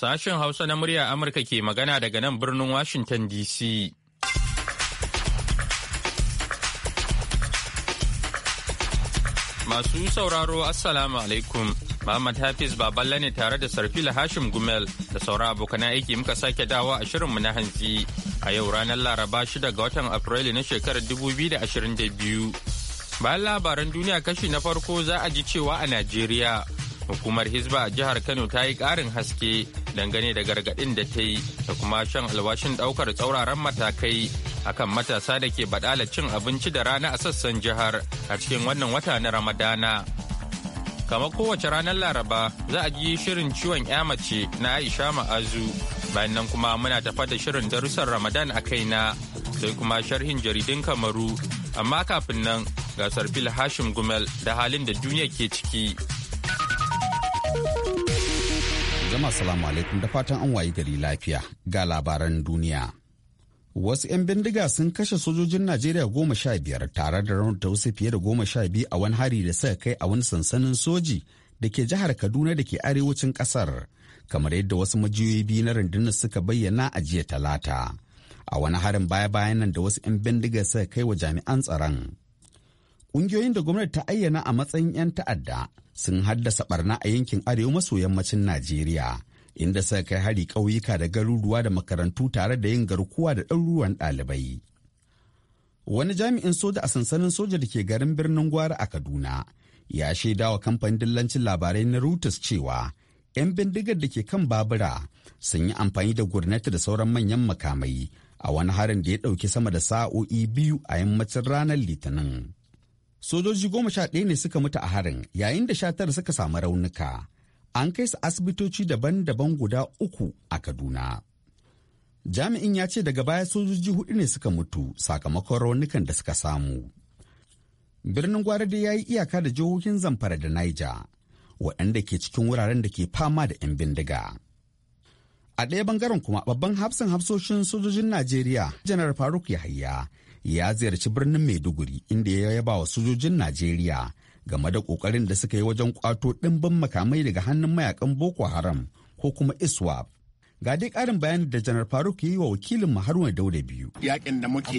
Sashen Hausa na murya Amurka ke magana daga nan birnin Washington DC. Masu sauraro Assalamu alaikum. Muhammad Hafiz Baballe ne tare da Sarfila Hashim Gumel da sauran abokan aiki muka sake dawo a shirinmu na hantsi a yau ranar Laraba 6 ga watan Afrilu na shekarar 2022. Bayan labaran duniya kashi na farko za a ji cewa a Najeriya hukumar hizba a jihar kano ta yi karin haske dangane da gargadin da ta yi da kuma shan alwashin daukar tsauraran matakai akan matasa da ke baɗala cin abinci da rana a sassan jihar a cikin wannan wata na ramadana kama kowace ranar laraba za a ji shirin ciwon mace na aisha ma'azu bayan nan kuma muna tafa da shirin darussan ramadan a kaina sai kuma sharhin jaridun kamaru amma kafin nan gasar fil hashim gumel da halin da duniya ke ciki. jama'a salamu alaikum da fatan an wayi gari lafiya ga labaran duniya. Wasu 'yan bindiga sun kashe sojojin Najeriya goma sha biyar tare da raunta wasu fiye da goma sha biyu a wani hari da suka kai a wani sansanin soji da ke jihar Kaduna da ke arewacin kasar, kamar yadda wasu majiyoyi biyu na rundunar suka bayyana a jiya talata. A wani harin baya-bayan nan da wasu 'yan bindiga suka kai wa jami'an tsaron. ƙungiyoyin da gwamnati ta ayyana a matsayin 'yan ta'adda sun haddasa barna a yankin arewa maso yammacin Najeriya, inda suka kai hari ƙauyuka da garuruwa da makarantu tare da yin garkuwa da ɗaruruwan ɗalibai. Wani jami'in soja a sansanin soja da ke garin birnin Gwara a Kaduna ya shaida wa kamfanin dillancin labarai na Reuters cewa 'yan bindigar da ke kan babura sun yi amfani da gurnati da sauran manyan makamai a wani harin da ya ɗauki sama da sa'o'i biyu a yammacin ranar Litinin. sojoji goma sha ɗaya ne suka mutu a harin yayin da sha tara suka samu raunuka an kai su asibitoci daban-daban guda uku a kaduna jami'in ya ce daga baya sojoji hudu ne suka mutu sakamakon raunukan da suka samu birnin da ya yi iyaka da jihohin zamfara da naija waɗanda ke cikin wuraren da ke fama da 'yan bindiga a ɗaya bangaren kuma babban hafsan hafsoshin sojojin najeriya janar faruk yahaya ya ziyarci birnin Maiduguri inda ya yaba wa sojojin Najeriya game da ƙoƙarin da suka yi wajen ƙwato ɗimbin makamai daga hannun mayakan Boko Haram ko kuma ISWAP. Ga dai ƙarin bayani da Janar Faruk ya yi wa wakilin Haruna Dauda biyu. Yakin da muke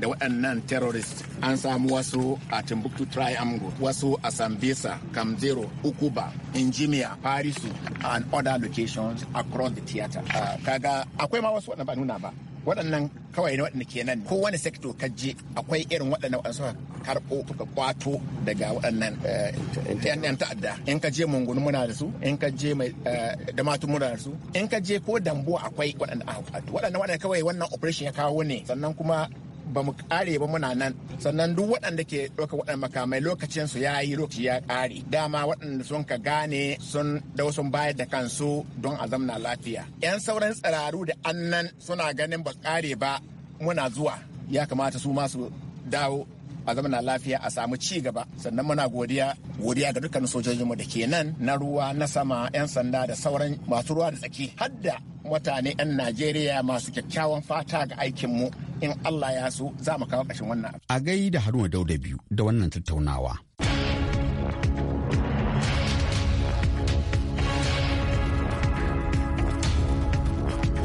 da waɗannan terrorist an samu wasu a Timbuktu Triangle, wasu a Sambisa, Kamzero, Ukuba, Injimiya, Farisu and other locations across the theater. Uh, kaga akwai ma wasu waɗanda ba nuna ba. waɗannan kawai ne waɗanda kenan kowane sekto kaje akwai irin waɗannan waɗansu karɓo suka kwato daga waɗannan eh, yan ta'adda in ka je mungunu muna da su in ka je mai eh, matu muna da su in ka je ko dambo akwai waɗanda aka kwato waɗannan waɗanda kawai wannan operation ya kawo ne sannan kuma ba mu kare ba muna nan sannan duk waɗanda ke ɗauka waɗanda makamai lokacin su ya yi lokaci ya kare dama waɗanda sun ka gane sun da sun bayar da kansu don a zamna lafiya yan sauran tsiraru da annan suna ganin ba kare ba muna zuwa ya kamata su masu dawo a zamana lafiya a samu ci gaba sannan muna godiya godiya ga dukkan mu da ke nan na ruwa na sama 'yan sanda da sauran masu ruwa da tsaki hadda mutane 'yan najeriya masu kyakkyawan fata ga aikinmu in allah ya so za mu kawo kashin wannan a gai da haruna dauda biyu da wannan tattaunawa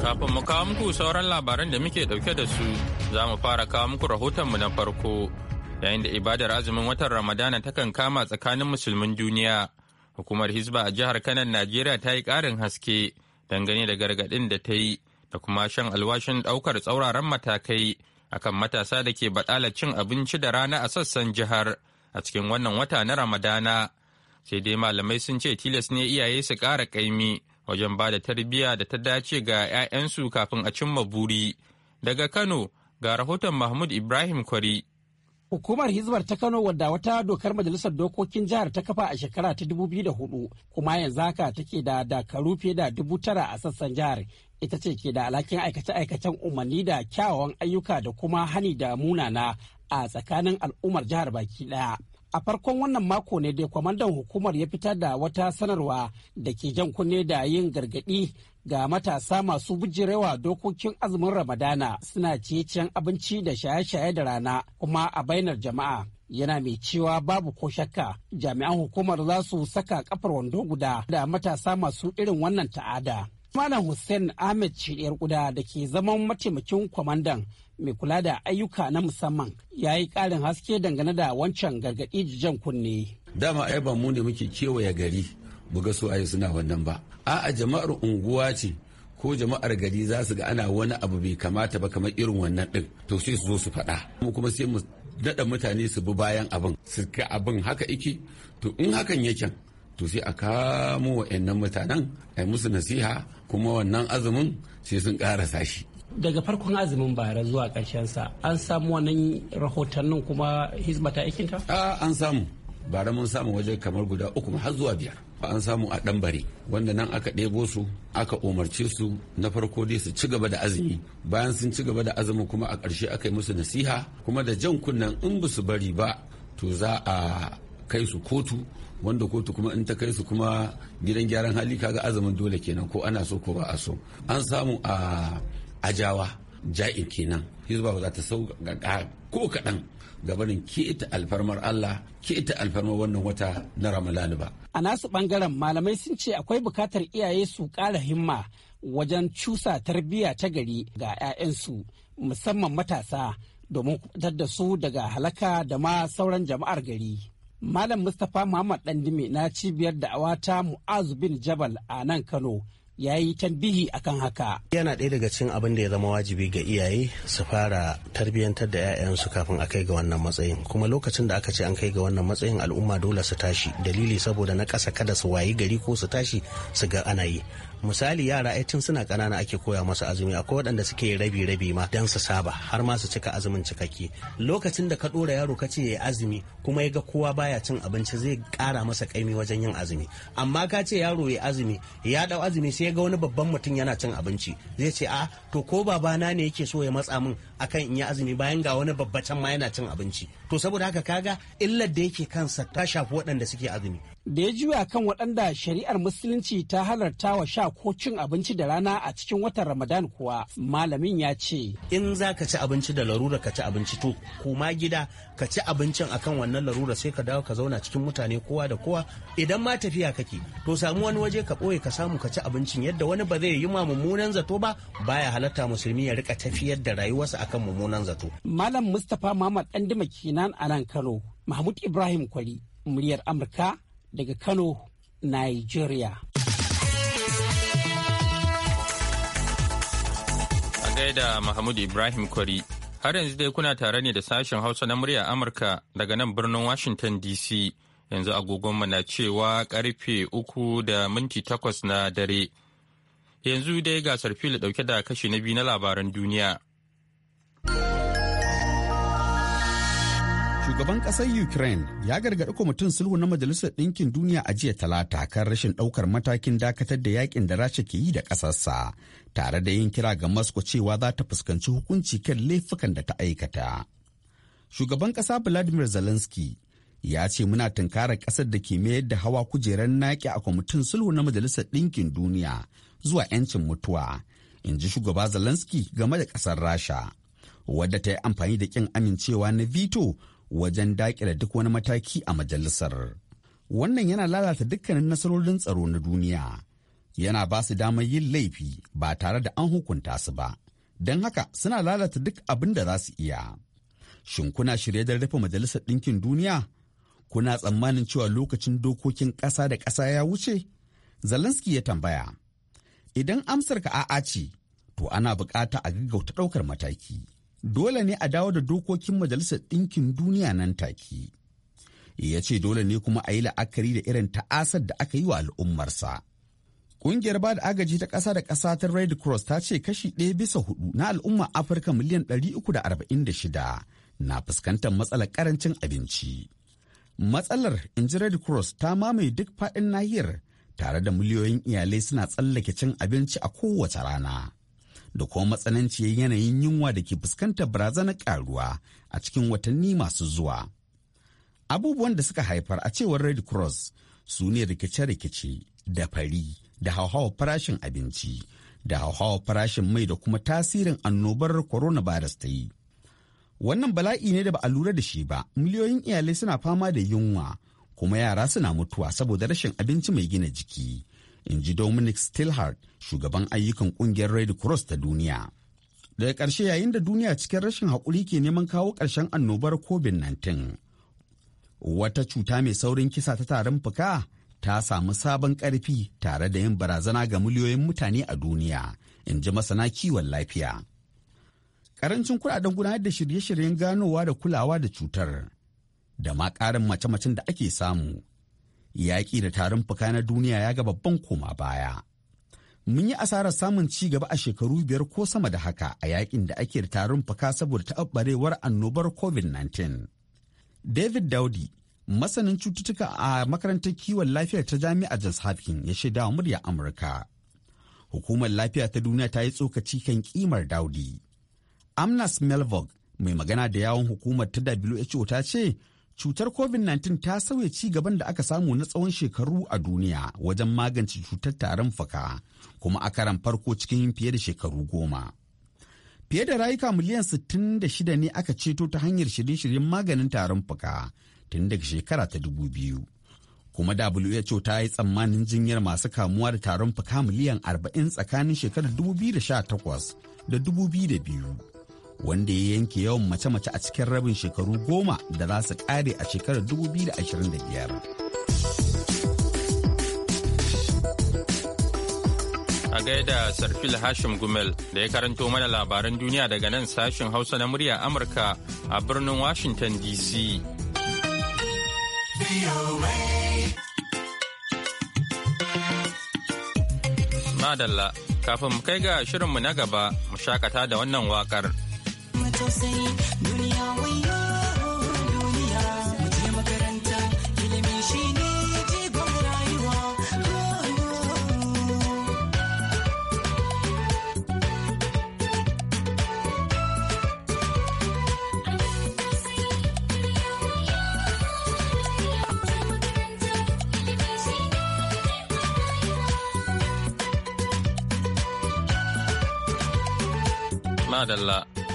Kafin mu kawo muku sauran labaran da muke dauke da su, za mu fara kawo muku rahotonmu na farko yayin da ibadar azumin watan ramadana takan kama tsakanin musulmin duniya hukumar hisba a jihar kanan najeriya ta yi karin haske dangane da gargadin da ta yi da kuma shan alwashin daukar tsauraran matakai akan matasa da ke baɗala cin abinci da rana a sassan jihar a cikin wannan wata na ramadana sai dai malamai sun ce tilas ne iyaye su kara ƙaimi wajen ba da tarbiyya da ta dace ga 'ya'yansu kafin a cimma buri daga kano ga rahoton mahmud ibrahim kwari Hukumar Hizbar ta Kano wadda wata dokar majalisar dokokin jihar ta kafa a shekara ta 2004 kuma yanzu haka take da dakaru fiye da dubu tara a sassan jihar ita ce ke da alhakin aikace-aikacen umarni da kyawawan ayyuka da kuma hani da munana a tsakanin al'ummar jihar baki daya. a farkon wannan mako ne dai kwamandan hukumar ya fitar da wata sanarwa da ke jan kunne da yin gargaɗi ga matasa masu bujirewa dokokin azumin ramadana suna ciye abinci da shaye-shaye da rana kuma a bainar jama'a yana mai cewa babu ko shakka jami'an hukumar za su saka kafar wando guda da matasa masu irin wannan ta'ada malam hussein ahmed shiriyar guda da ke zaman mataimakin kwamandan mai kula da ayyuka na musamman ya yi ƙarin haske dangane da wancan gargaɗi jan kunne. Dama ai ba mu ne muke kewaye gari ga so ayi suna wannan ba. A'a jama'ar unguwa ce ko jama'ar gari za su ga ana wani abu bai kamata ba kamar irin wannan ɗin to sai su zo su faɗa. Mu kuma sai mu daɗa mutane su bi bayan abin su ga abin haka iki to in hakan yake to sai a kamo wa'annan mutanen a musu nasiha kuma wannan azumin sai sun ƙarasa shi daga farkon azumin bara zuwa karshen sa an samu wannan rahotannin kuma hizba ta aikinta a an samu bara mun samu waje kamar guda uku har zuwa biyar an samu a ɗanbare wanda nan aka ɗebo su aka umarce su na farko dai su ci gaba da azumi bayan sun ci gaba da azumi kuma a ƙarshe aka yi musu nasiha kuma da jan kunnen in ba su bari ba to za a kai su kotu wanda kotu kuma in ta kai su kuma gidan gyaran hali kaga azumin dole kenan ko ana so ko ba a so an samu a ajawa ja'in kenan hizba ba za ta sauƙaƙa ko kaɗan gabanin keta alfarmar Allah keta alfarmar wannan wata na Ramadan ba. A nasu ɓangaren malamai sun ce akwai bukatar iyaye su ƙara himma wajen cusa tarbiyya ta gari ga 'ya'yansu musamman matasa domin kubutar da su daga halaka da ma sauran jama'ar gari. Malam Mustapha Muhammad Dandime na cibiyar da'awa ta Mu'azu bin Jabal a nan Kano ya yi tambihi akan haka. Yana ɗaya daga cikin abin da ya zama wajibi ga iyaye su fara tarbiyyantar da 'ya'yansu kafin a kai ga wannan matsayin. Kuma lokacin da aka ce an kai ga wannan matsayin al'umma dole su tashi dalili saboda na ƙasa kada su wayi gari ko su tashi su ga ana yi. misali yara ai tun suna kanana ake koya masu azumi akwai waɗanda suke rabi rabi ma dan su saba har ma su cika azumin cikakke lokacin da ka ɗora yaro ka ce ya azumi kuma ya ga kowa baya cin abinci zai ƙara masa ƙaimi wajen yin azumi amma ka ce yaro ya azumi ya dau azumi sai ya ga wani babban mutum yana cin abinci zai ce a to ko babana ne yake so ya matsa min akan in yi azumi bayan ga wani can ma yana cin abinci to saboda haka kaga illar da yake kansa ta shafi waɗanda suke azumi da ya juya kan waɗanda shari'ar musulunci ta halarta wa sha ko cin abinci da rana a cikin watan ramadan kuwa malamin ya ce in za ka ci abinci da larura ka ci abinci to kuma gida ka ci abincin akan wannan larura sai ka dawo ka zauna cikin mutane kowa da kowa idan ma tafiya kake to samu wani waje ka ɓoye ka samu ka ci abincin yadda wani ba zai yi ma mummunan zato ba baya halatta musulmi ya rika tafiyar da rayuwarsa akan mummunan zato malam mustapha muhammad dima kenan a nan kano mahmud ibrahim kwari muryar amurka daga Kano, Nigeria. A gaida Mahmud Ibrahim Kwari, har yanzu dai kuna tare ne da sashen Hausa na murya Amurka daga nan birnin Washington DC. Yanzu agogonmu na cewa karfe uku da minti takwas na dare. Yanzu dai gasar fili dauke da kashi na biyu na labaran duniya. Shugaban ƙasar Ukraine ya gargaɗi kwamitin sulhu na Majalisar Ɗinkin Duniya a jiya talata kan rashin ɗaukar matakin dakatar da yakin da Rasha ke yi da ƙasarsa, tare da yin kira ga Moscow cewa za ta fuskanci hukunci kan laifukan da ta aikata. Shugaban ƙasa Vladimir Zelensky ya ce muna tunkarar ƙasar da ke mayar da hawa kujerar naƙi a kwamitin sulhu na Majalisar Ɗinkin Duniya zuwa 'yancin mutuwa, in ji shugaba Zelensky game da ƙasar Rasha. wadda ta yi amfani da ƙin amincewa na Vito. wajen dakile duk wani mataki a majalisar. Wannan yana lalata dukkanin nasarorin tsaro na duniya. Yana ba su damar yin laifi ba tare da an hukunta su ba. Don haka suna lalata duk abin da za su iya. Shin kuna shirye da rufe Majalisar Ɗinkin Duniya? Kuna tsammanin cewa lokacin dokokin ƙasa da ƙasa ya wuce? Zalinski ya tambaya. Idan amsar ka a'a ce, to ana bukata a gaggauta ɗaukar mataki. dole ne a dawo da dokokin majalisar ɗinkin duniya nan take ya ce dole ne kuma a yi la'akari da irin ta'asar da aka yi wa al'ummarsa Ƙungiyar ba da agaji ta ƙasa da ƙasa ta Red Cross ta ce kashi ɗaya bisa hudu na al'umma Afirka miliyan 346 na fuskantar matsalar ƙarancin abinci. Matsalar in ji Red Cross ta mamaye duk faɗin nahiyar tare da miliyoyin iyalai suna tsallake cin abinci a kowace rana. da kuma matsananciyar yanayin yunwa da ke fuskantar barazanar karuwa a cikin watanni masu zuwa. Abubuwan da suka haifar a cewar Red Cross su ne rikice-rikice da fari da hauhawar farashin abinci da hauhawar farashin mai da kuma tasirin annobar coronavirus ta yi. Wannan bala'i ne da ba a lura da shi ba, miliyoyin iyalai suna fama da yunwa kuma yara suna mutuwa saboda rashin abinci mai gina jiki. in ji dominic stilhard shugaban ayyukan kungiyar red cross ta duniya daga ƙarshe yayin da duniya cikin rashin haƙuri ke neman kawo ƙarshen annobar covid-19 wata cuta mai saurin kisa ta tarin fuka ta samu sabon ƙarfi tare da yin barazana ga miliyoyin mutane a duniya in ji masana kiwon lafiya ƙarancin kuɗaɗen gudanar da shirye-shiryen ganowa da kulawa da cutar da ma ƙarin mace-macen da ake samu yaƙi da tarin fuka na duniya ya ga babban koma baya mun yi asarar samun ci gaba a shekaru biyar ko sama da haka a yaƙin da ake da tarin fuka saboda taɓarewar annobar covid-19 david daudi masanin cututtuka a makarantar kiwon lafiya ta jami'a johns hopkins ya shaida wa murya amurka hukumar lafiya ta duniya ta yi tsokaci kan kimar daudi amnas melvog mai magana da yawon hukumar ta who ta ce cutar covid-19 ta sauya ci gaban da aka samu na tsawon shekaru a duniya wajen magance cutar tarin fuka kuma a karan farko cikin fiye da shekaru goma fiye da rayuka miliyan 66 ne aka ceto ta hanyar shirye-shiryen maganin tarin fuka tun daga shekara ta 2000 kuma WHO ta yi tsammanin jinyar masu kamuwa da tarin fuka miliyan 40 tsakanin shekarar 2018 da 2002 wanda ya yanke yawan mace-mace a cikin rabin shekaru goma da za su kare a shekarar da biyar. a gaida sarfil hashim gumel da ya karanto mana labaran duniya daga nan sashen hausa na murya amurka a birnin washington dc madalla kafin mu kai ga shirinmu na gaba mu shakata da wannan wakar. Madalla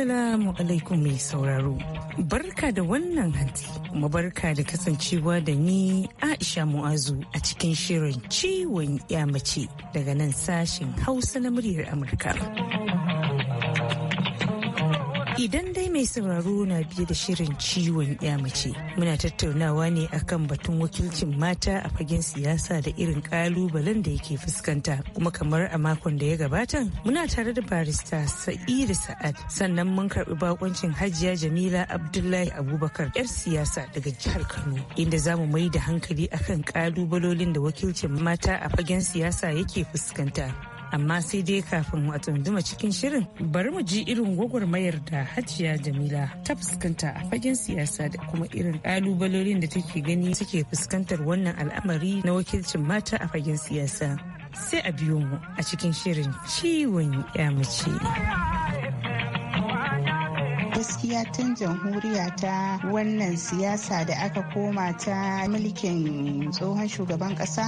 Assalamu alaikum mai sauraro. Barka da wannan hanti, kuma barka da kasancewa da ni Aisha Mu'azu a cikin shirin ciwon ya mace daga nan sashen Hausa na muryar Amurka. Idan dai mai sauraro na biye da shirin ciwon ya mace, muna tattaunawa ne akan batun wakilcin mata a fagen siyasa da irin kalubalen da yake fuskanta. Kuma kamar a makon da ya gabata muna tare da barista Sa'idu Sa'ad, sannan mun karɓi bakoncin Hajiya Jamila Abdullahi Abubakar 'yar siyasa daga jihar Kano, inda za mu mai da hankali akan kalubalolin da wakilcin mata a fagen siyasa yake fuskanta. amma sai dai kafin wato duma cikin shirin bari mu ji irin gwagwarmayar da hajiya jamila ta fuskanta a fagen siyasa da kuma irin kalubalolin da take gani suke fuskantar wannan al'amari na wakilcin mata a fagen siyasa sai a biyo mu a cikin shirin ciwon ya mace. gaskiya tun jamhuriya ta wannan siyasa da aka koma ta mulkin tsohon shugaban kasa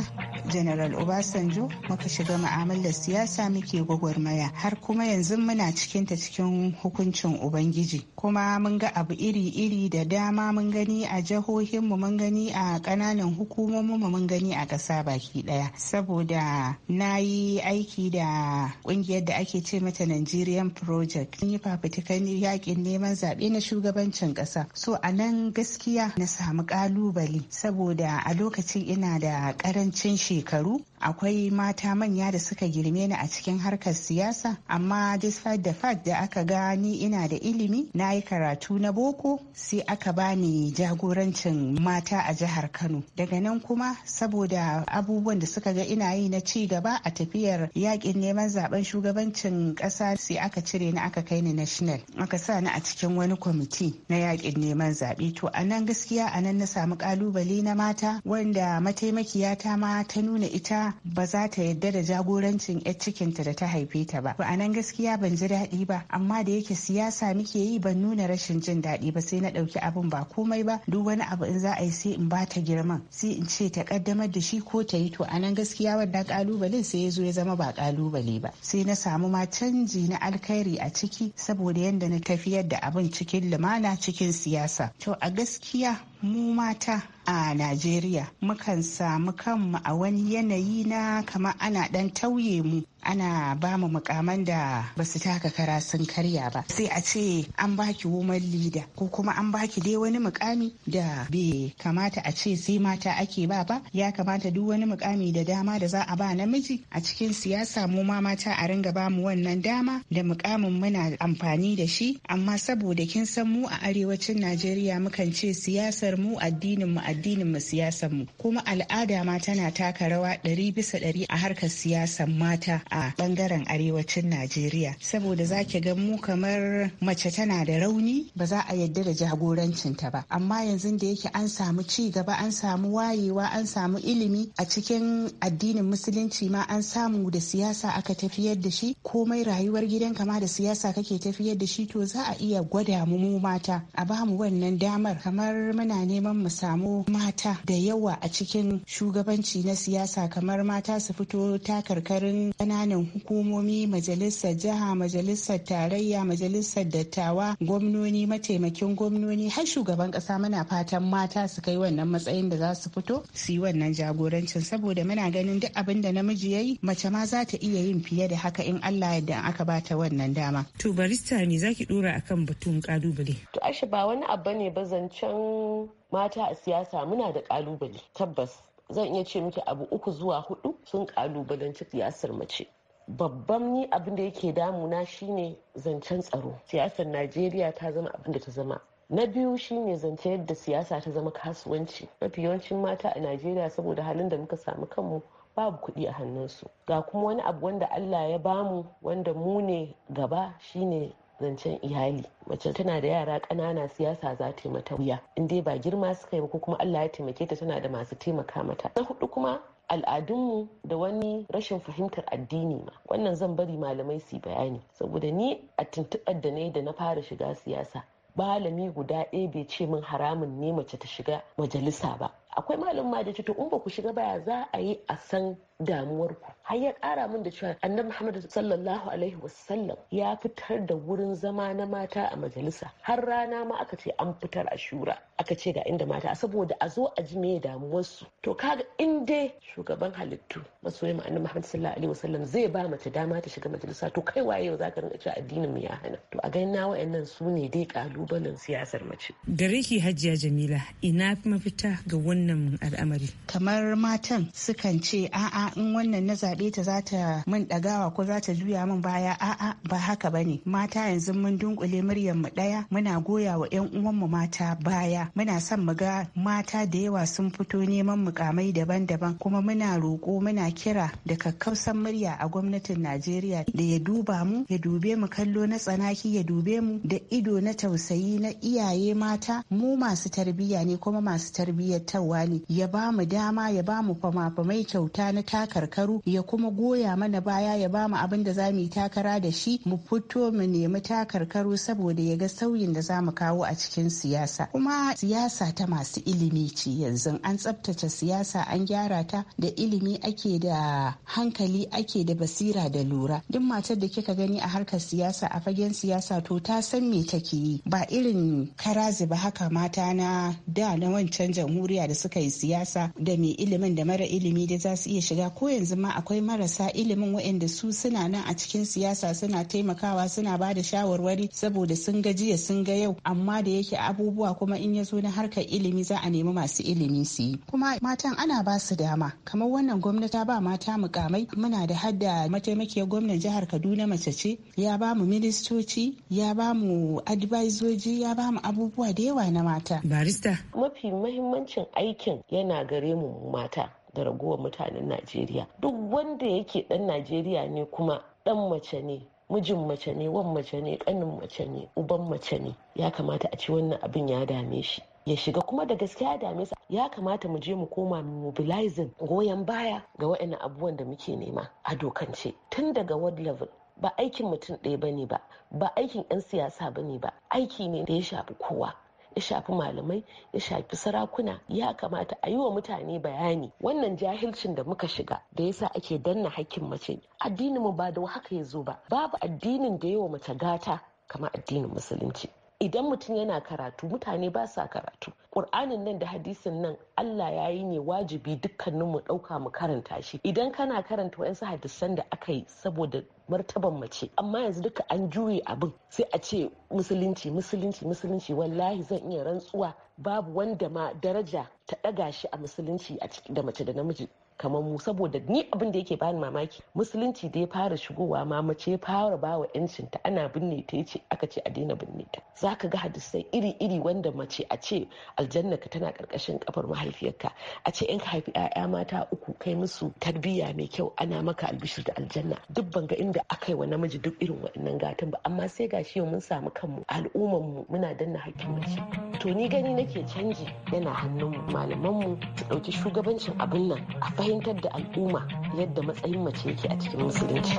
general obasanjo muka shiga ma'amalar siyasa muke gwagwarmaya har kuma yanzu muna cikin ta cikin hukuncin ubangiji kuma mun ga abu iri-iri da dama mun gani a jihohinmu mun gani a ƙananan hukumominmu mun gani a ƙasa baki ɗaya saboda na yi aiki da ƙungiyar da ake ce mata nigerian project yi fafutukan yakin neman zaɓe na shugabancin ƙasa so a nan gaskiya na samu ƙalubale saboda a lokacin ina da ƙarancin shi shekaru akwai mata manya da suka girme ni a cikin harkar siyasa amma despite the fact da aka ga ni ina da ilimi na yi karatu na boko sai aka bani jagorancin mata a jihar kano daga nan kuma saboda abubuwan da suka ga ina yi na ci gaba a tafiyar yakin neman zaben shugabancin kasa sai aka cire ni aka kai ni national aka sa ni a cikin wani kwamiti na yakin neman zaɓe to a nan gaskiya a nan na samu kalubale na mata wanda mataimakiyata ma ta nuna ita ba za ta yadda da jagorancin yar cikinta da ta haife ta ba ba a nan gaskiya ban ji daɗi ba amma da yake siyasa muke yi ban nuna rashin jin daɗi ba sai na ɗauki abin ba komai ba duk wani abu in za a yi sai in ba ta girman sai in ce ta ƙaddamar da shi ko ta yi to a nan gaskiya wannan kalubalen sai ya zo ya zama ba kalubale ba sai na samu ma canji na alkhairi a ciki saboda yadda na tafiyar da abin cikin lumana cikin siyasa to a gaskiya mu mata a Najeriya mukan samu kanmu a wani yanayi na kama ana dan tauye mu ana ba mu mukaman da ba su taka kara sun karya ba sai a ce an baki woman leader ko kuma an baki dai wani mukami da bai kamata a ce sai mata ake ba ba ya kamata duk wani mukami da dama da za a ba namiji a cikin siyasa mu ma mata a ringa ba mu wannan dama da mukamin muna amfani da shi amma saboda kin san mu a arewacin Najeriya mukan ce siyasar mu addinin mu addinin mu siyasar mu kuma al'ada ma tana taka rawa ɗari bisa ɗari a harkar siyasar mata a bangaren arewacin najeriya saboda za ga mu kamar mace tana da rauni ba za a yadda da jagorancin ta ba amma yanzu da yake an samu ci gaba an samu wayewa an samu ilimi a cikin addinin musulunci ma an samu da siyasa aka tafiyar da shi komai rayuwar gidan kama da siyasa kake tafiyar da shi to za a iya gwada mu mata a ba mu wannan damar kamar muna neman mu samu mata da yawa a cikin shugabanci na siyasa kamar mata su fito takarkarin kananan hukumomi majalisar jiha majalisar tarayya majalisar dattawa gwamnoni mataimakin gwamnoni har shugaban kasa muna fatan mata su kai wannan matsayin da za su fito su yi wannan jagorancin saboda muna ganin duk abin da namiji ya yi mace ma za ta iya yin fiye da haka in Allah yadda aka ba ta wannan dama. To barista za zaki dora akan batun kalubale? To ashe ba wani abu ne ba zancen mata a siyasa muna da kalubale tabbas zan iya ce miki abu uku zuwa hudu sun kalubalanci siyasar mace. babban ni abin da yake damuna shine zancen tsaro siyasar najeriya ta zama abin da ta zama na biyu shine zance yadda siyasa ta zama kasuwanci mafi yawancin mata a najeriya saboda halin da muka samu kanmu babu kuɗi a hannunsu ga kuma wani abu wanda allah ya bamu wanda mu ne gaba shine zancen iyali mace tana da yara ƙanana siyasa za ta mata wuya in dai ba girma suka yi ko kuma allah ya taimake ta tana da masu taimaka mata na hudu kuma al'adunmu da wani rashin fahimtar addini ma wannan zan bari malamai su bayani saboda ni a tuntuɓar da na yi da na fara shiga siyasa malami guda ɗaya bai ce min haramun ne mace ta shiga majalisa ba akwai ma da ce to in ba ku shiga baya za a yi a san damuwarku har ya kara min da cewa annabi Muhammad sallallahu alaihi wasallam ya fitar da wurin zama na mata a majalisa har rana ma aka ce an fitar a shura aka ce ga inda mata saboda a zo a ji me damuwarsu to kaga in dai shugaban halittu masoyin annabi Muhammad sallallahu alaihi wasallam zai ba mace dama ta shiga majalisa to kai waye yau zaka rinka cewa addinin mu ya hana to a ganin na wayannan su ne dai kalubalen siyasar mace gare ki hajjiya Jamila ina mafita ga wannan al'amari kamar matan sukan ce a'a in wannan na zaɓe ta za ta min ɗagawa ko za ta juya min baya a'a ba haka ba ne mata yanzu mun dunkule muryar mu ɗaya muna goya wa 'yan uwanmu mata baya muna son mu ga mata da yawa sun fito neman mukamai daban-daban kuma muna roƙo muna kira da kakkausan murya a gwamnatin Najeriya da ya duba mu ya dube mu kallo na tsanaki ya dube mu da ido na tausayi na iyaye mata mu masu tarbiyya ne kuma masu tarbiyyar ne ya ba mu dama ya ba mu fama-famai kyauta na takarkaru ya kuma goya mana baya ya bamu abin da za mu yi takara da shi mu fito mu nemi takarkaru saboda ya ga sauyin da za mu kawo a cikin siyasa kuma siyasa ta masu ilimi ce yanzu an tsabtace siyasa an gyara ta da ilimi ake da hankali ake da basira da lura duk matar da kika gani a harkar siyasa a fagen siyasa to ta san me take yi ba irin karazi ba haka mata na da na wancan jamhuriya da suka yi siyasa da mai ilimin da mara ilimi da za su iya shiga ko yanzu ma akwai akwai marasa ilimin waɗanda su suna nan a cikin siyasa suna taimakawa suna ba da shawarwari saboda sun ga jiya sun ga yau amma da yake abubuwa kuma in ya zo na harkar ilimi za a nemi masu ilimi su yi kuma matan ana ba su dama kamar wannan gwamnati ba mata mukamai muna da hadda mataimakiyar gwamnan jihar kaduna mace ce ya ba mu ministoci ya ba mu advisoji ya ba mu abubuwa da yawa na mata barista mafi mahimmancin aikin yana gare mu mata da ragowar mutanen najeriya duk wanda yake ɗan najeriya ne kuma ɗan mace ne mijin mace ne wan mace ne kanin mace ne uban mace ne ya kamata a ci wannan abin ya dame shi ya shiga kuma da gaskiya dame sa ya kamata mu je mu koma mobilizing goyon baya ga waɗannan abubuwan da muke nema a dokance tun daga world level ba aikin mutum ɗaya ba ne ba ba aikin 'yan siyasa ba ne ba aiki ne da ya shafi kowa ya shafi malamai ya shafi sarakuna ya kamata a yi wa mutane bayani wannan jahilcin da muka shiga da yasa ake danna hakkin mace addinin mu ba da haka ya zo ba babu addinin da yawa mace gata kamar addinin musulunci idan mutum yana karatu mutane ba sa karatu ƙur'anin nan da hadisin nan allah ya yi ne wajibi dukkanin mu ɗauka mu karanta shi idan kana karanta wa'yansu hadisan da aka yi saboda martaban mace amma yanzu duka an juye abin sai a ce musulunci musulunci musulunci wallahi zan iya rantsuwa babu wanda ma daraja ta ɗaga shi a musulunci a ciki da mace da namiji kamar mu saboda ni abin da yake bani mamaki musulunci da ya fara shigowa ma mace ya fara bawa yancin ta ana binne ta ce aka ce a daina binne ta zaka ga hadisai iri-iri wanda mace a ce aljanna ka tana karkashin kafar mahaifiyarka a ce in ka haifi 'ya'ya mata uku kai musu tarbiyya mai kyau ana maka albishir da aljanna duk banga inda aka yi wa namiji duk irin waɗannan gatan ba amma sai gashi shi mun samu kanmu al'ummar mu muna danna hakkin mace to ni gani nake canji yana hannun malaman mu su ɗauki shugabancin abin nan a fahimtar da al'umma yadda matsayin mace yake a cikin musulunci.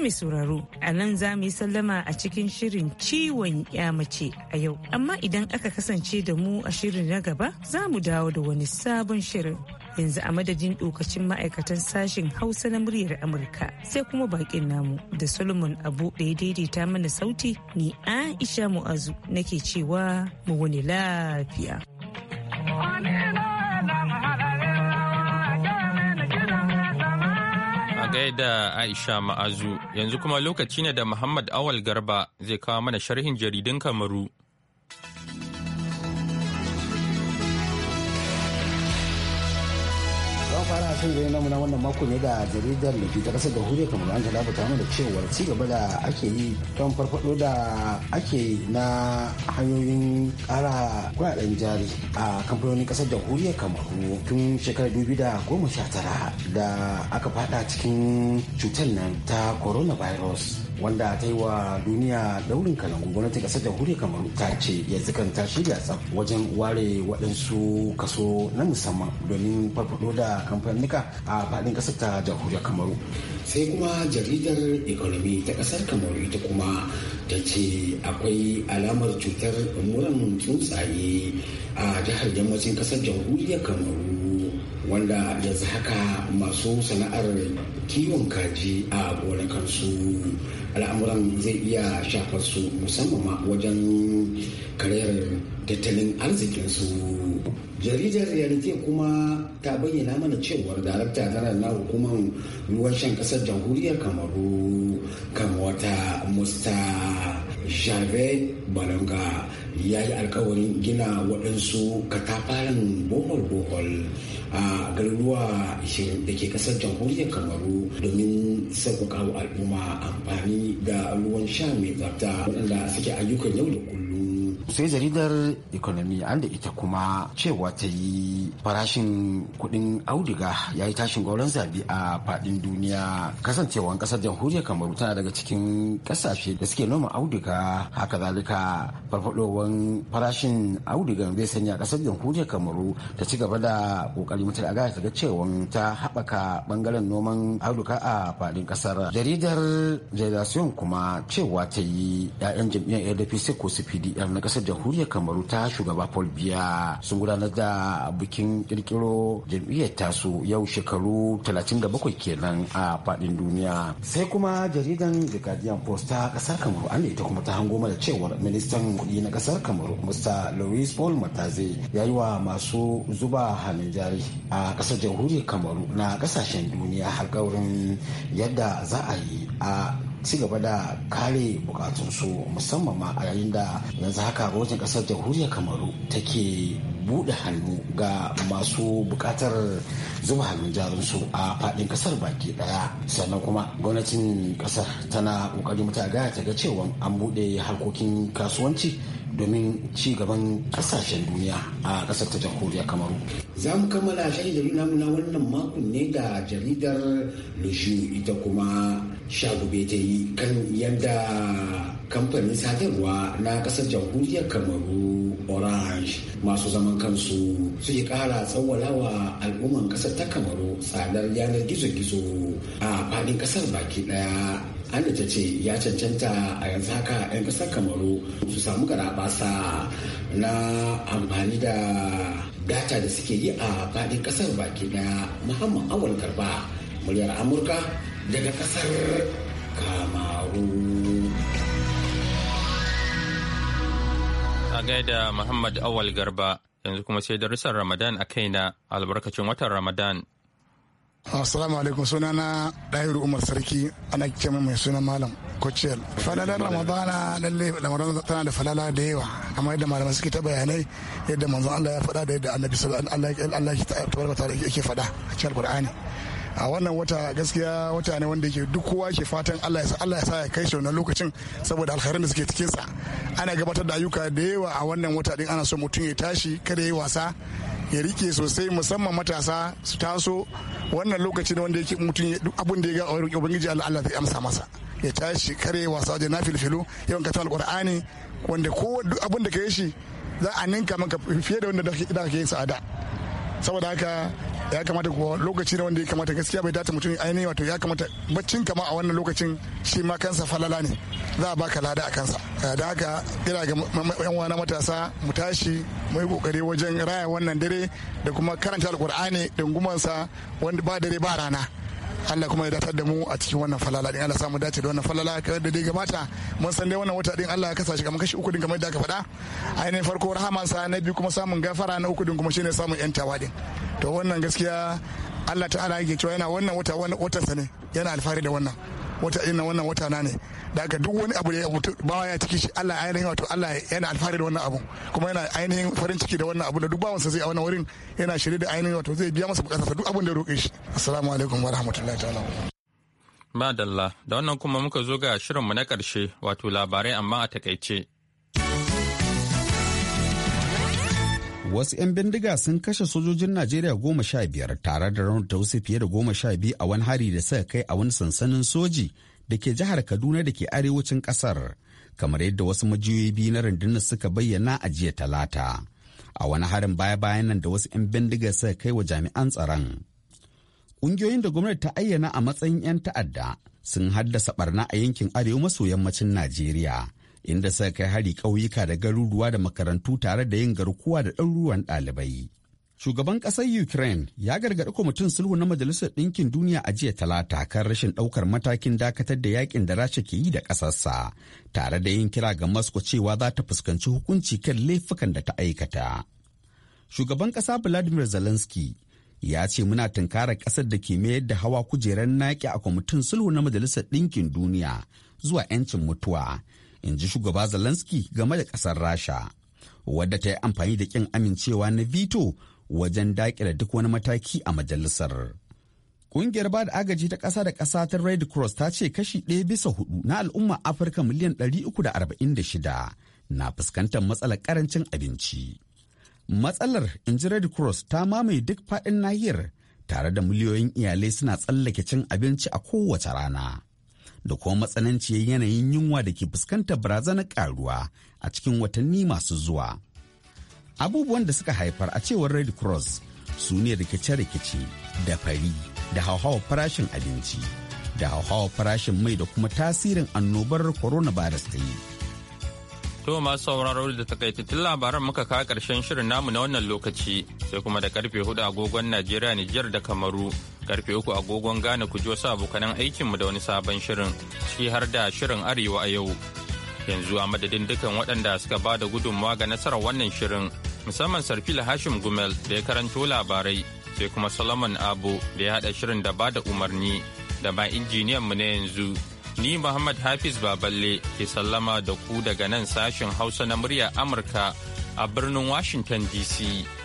mai sauraro a nan za mu yi sallama a cikin shirin ciwon ya mace a yau amma idan aka kasance da mu a shirin na gaba za mu dawo da wani sabon shirin yanzu a madadin dokacin ma'aikatan sashen hausa na muryar amurka sai kuma bakin namu da solomon abu da ya daidaita mana sauti ni aisha mu'azu nake cewa mu wani lafiya gaida Aisha Ma'azu yanzu kuma lokaci ne da Muhammad Awal Garba zai kawo mana sharhin jaridun Kamaru. fara sun zai na muna wannan mako ne da jaridar da ke ta kasar da kamar an gada ta mana cewar ci gaba da ake yi don farfado da ake na hanyoyin kara kuɗaɗen jari a kamfanonin kasar jamhuriyar kamaru tun shekarar dubi da goma sha tara da aka fada cikin cutar nan ta coronavirus wanda ta yi wa duniya daurin kalangu gwamnatin kasar jamhuriyar kamaru ta ce ya kan ta shirya tsaf wajen ware waɗansu kaso na musamman domin farfado da kamfanika a faɗin ƙasar ta jamhuriyar kamaru sai kuma jaridar economy ta ƙasar kamaru ita kuma ta ce akwai alamar cutar muran tsuntsaye a jihar yammacin ƙasar jamhuriyar kamaru wanda yanzu haka masu sana'ar kiwon kaji a gonakansu al'amuran zai iya shafar su musamman ma wajen karyar tattalin arzikinsu jaridar yarite kuma ta bayyana mana cewar darakta tana na hukumar ruwan shan kasar jamhuriyar kamaru kan wata musta shafe Balanga ya yi alkawarin gina waɗansu katafaren bohol-bohol a garuruwa 20 da ke ƙasar jamhuriyar Kamaru domin sauƙaƙa wa al'umma amfani da ruwan sha mai tsafta waɗanda suke ayyukan yau da kullum. sai jaridar economy an da ita kuma cewa ta yi farashin kudin auduga ya yi tashin gauran zabi a fadin duniya kasancewan kasar jamhuriyar kamaru tana daga cikin kasashe da suke noma auduga haka zalika farfadowan farashin audugan zai sanya kasar jamhuriyar kamaru ta ci gaba da kokari mutar aga ta cewa ta haɓaka bangaren noman auduga a fadin kasar jaridar jaridar kuma cewa ta yi 'ya'yan jam'iyyar sai ko cpdm na kasar kasar jamhuriyar kamaru ta shugaba paul biya sun gudanar da bikin kirkiro jam'iyyar tasu yau shekaru 37 kenan a fadin duniya sai kuma jaridan the guardian post ta kasar kamaru an ita kuma ta hango mana cewar ministan kudi na kasar kamaru mr louis paul mataze ya yi wa masu zuba hannun jari a kasar jamhuriyar kamaru na kasashen duniya alkawarin yadda za a yi a ci gaba da kare bukatunsu musamman ma a yayin da yanzu haka gwamnatin kasar jamhuriyar kamaru take bude hannu ga masu buƙatar zuba hannun jarinsu a fadin ƙasar baki ɗaya sannan kuma gwamnatin ƙasar tana ƙoƙarin muta gaya ta ga cewa an bude harkokin kasuwanci domin ci gaban kasashen duniya a kasar ta jamhuriyar kamaru. Za mu kammala shirin da na wannan makon ne da jaridar Lushu ita kuma shagube ta yi kan yadda kamfanin sadarwa na kasar jamhuriyar kamaru orange masu zaman kansu suke kara tsawala wa al'umman kasar ta kamaru tsadar yanar gizo-gizo a faɗin kasar baki daya ana ta ce ya cancanta a yanzu haka 'yan kasar kamaru su samu garabasa na amfani da data da suke yi a faɗin kasar baki ɗaya. muhammad awal garba muryar amurka daga kasar kamaru a gaida muhammad awal garba yanzu kuma sai darussan ramadan a kaina albarkacin watan ramadan Assalamu alaikum na ɗahiru Umar Sarki ana kike mai suna malam Kocel. Falalar Ramadana lalle Ramadan tana da falala da yawa amma yadda malamai suke ta bayanai yadda manzon Allah ya faɗa da yadda Annabi sallallahu alaihi wasallam Allah ya tabbata yake faɗa a cikin Qur'ani. a wannan wata gaskiya wata ne wanda yake duk kowa ke fatan Allah ya sa Allah ya sa ya kai shi wannan lokacin saboda alkhairin da suke cikin sa ana gabatar da ayyuka da yawa a wannan wata din ana so mutum ya tashi kada ya yi wasa ya rike sosai musamman matasa su taso wannan lokaci ne wanda yake mutum abin da ya ga a wurin ubangiji Allah zai amsa masa ya tashi kare wasa wajen na filfilo yawan katon alkur'ani wanda ko duk abin da ka yi shi za a ninka maka fiye da wanda da ka yi sa'ada saboda haka ya kamata kuwa lokaci na wanda ya kamata gaskiya bai dace mutum ainihin wato ya kamata baccin kama a wannan lokacin shi ma kansa falala ne za a baka lada a kansa eh, da haka ina ga yan wana matasa mu tashi mu yi kokari wajen raya wannan dare da kuma karanta alkur'ani da wanda ba dare ba rana Allah kuma ya datar da mu a cikin wannan falala din Allah samu dace da wannan falala kamar da dai gabata mun san dai wannan wata din Allah ya kasa shi kamar kashi uku din kamar da aka faɗa ainihin farko rahaman sa na biyu kuma samun gafara na uku din kuma shine samun yantawa din to wannan gaskiya Allah ta'ala yake cewa yana wannan wata watan sa ne yana alfahari da wannan wata ina wannan wata na ne da haka duk wani abu da ya mutu bawa ya ciki shi Allah ainihin wato Allah yana alfahari da wannan abu kuma yana ainihin farin ciki da wannan abu da duk bawansa zai a wannan wurin yana shirye da ainihin wato zai biya masa bukatarsa duk abin da ya roƙe shi assalamu alaikum wa rahmatullahi ta'ala madalla da wannan kuma muka zo ga shirinmu na ƙarshe wato labarai amma a takaice wasu 'yan bindiga sun kashe sojojin najeriya goma sha biyar tare da ta wasu fiye da goma sha biyu a wani hari da suka kai a wani sansanin soji da ke jihar kaduna da ke arewacin ƙasar, kamar yadda wasu majiyoyi biyu na rundunar suka bayyana a jiya talata a wani harin baya-bayan nan da wasu 'yan bindiga suka kai wa jami'an tsaron ƙungiyoyin da gwamnati ta ayyana a matsayin 'yan ta'adda sun haddasa barna a yankin arewa maso yammacin najeriya inda suka kai hari ƙauyuka da garuruwa da makarantu tare da yin garkuwa da ɗaruruwan ɗalibai. Shugaban ƙasar Ukraine ya gargaɗi kwamitin sulhu na Majalisar Ɗinkin Duniya a jiya talata kan rashin ɗaukar matakin dakatar da yakin da Rasha ke yi da ƙasarsa, tare da yin kira ga Moscow cewa za ta fuskanci hukunci kan laifukan da ta aikata. Shugaban ƙasa Vladimir Zelensky ya ce muna tunkara ƙasar da ke mayar da hawa kujerar naƙi a kwamitin sulhu na Majalisar Ɗinkin Duniya zuwa 'yancin mutuwa in ji shugaba Zelensky game da ƙasar Rasha, wadda ta yi amfani da ƙin amincewa na vito wajen daƙile duk wani mataki a majalisar. Ƙungiyar ba da agaji ta ƙasa da ƙasa ta Red Cross ta ce kashi ɗaya bisa hudu na al'umma Afirka miliyan ɗari da da arba'in shida na fuskantar matsalar ƙarancin abinci. Matsalar in ji Red Cross ta mamaye duk faɗin nahiyar tare da miliyoyin iyalai suna tsallake cin abinci a kowace rana. da kuma matsananciyar yanayin yunwa da ke fuskantar barazanar karuwa a cikin watanni masu zuwa. Abubuwan da suka haifar a cewar Red Cross su ne rikice-rikice da fari da hauhawar farashin abinci da hauhawar farashin mai da kuma tasirin annobar coronavirus ta yi. To masu sauraro da takaitattun labaran muka kawo karshen shirin namu na wannan lokaci sai kuma da karfe hudu agogon Najeriya Nijar da Kamaru Karfe uku agogon gane ku ji wasu abokanan aikinmu da wani sabon shirin, ciki har da shirin Arewa a yau. Yanzu a madadin dukan waɗanda suka ba da gudunmawa ga nasarar wannan shirin, musamman Sarfila Hashim Gumel da ya karanto labarai, sai kuma Solomon Abu da ya haɗa shirin da ba da umarni, da ma mu na yanzu. Ni Muhammad Hafiz Baballe ke sallama da ku daga nan sashen Hausa na murya Amurka a birnin Washington DC.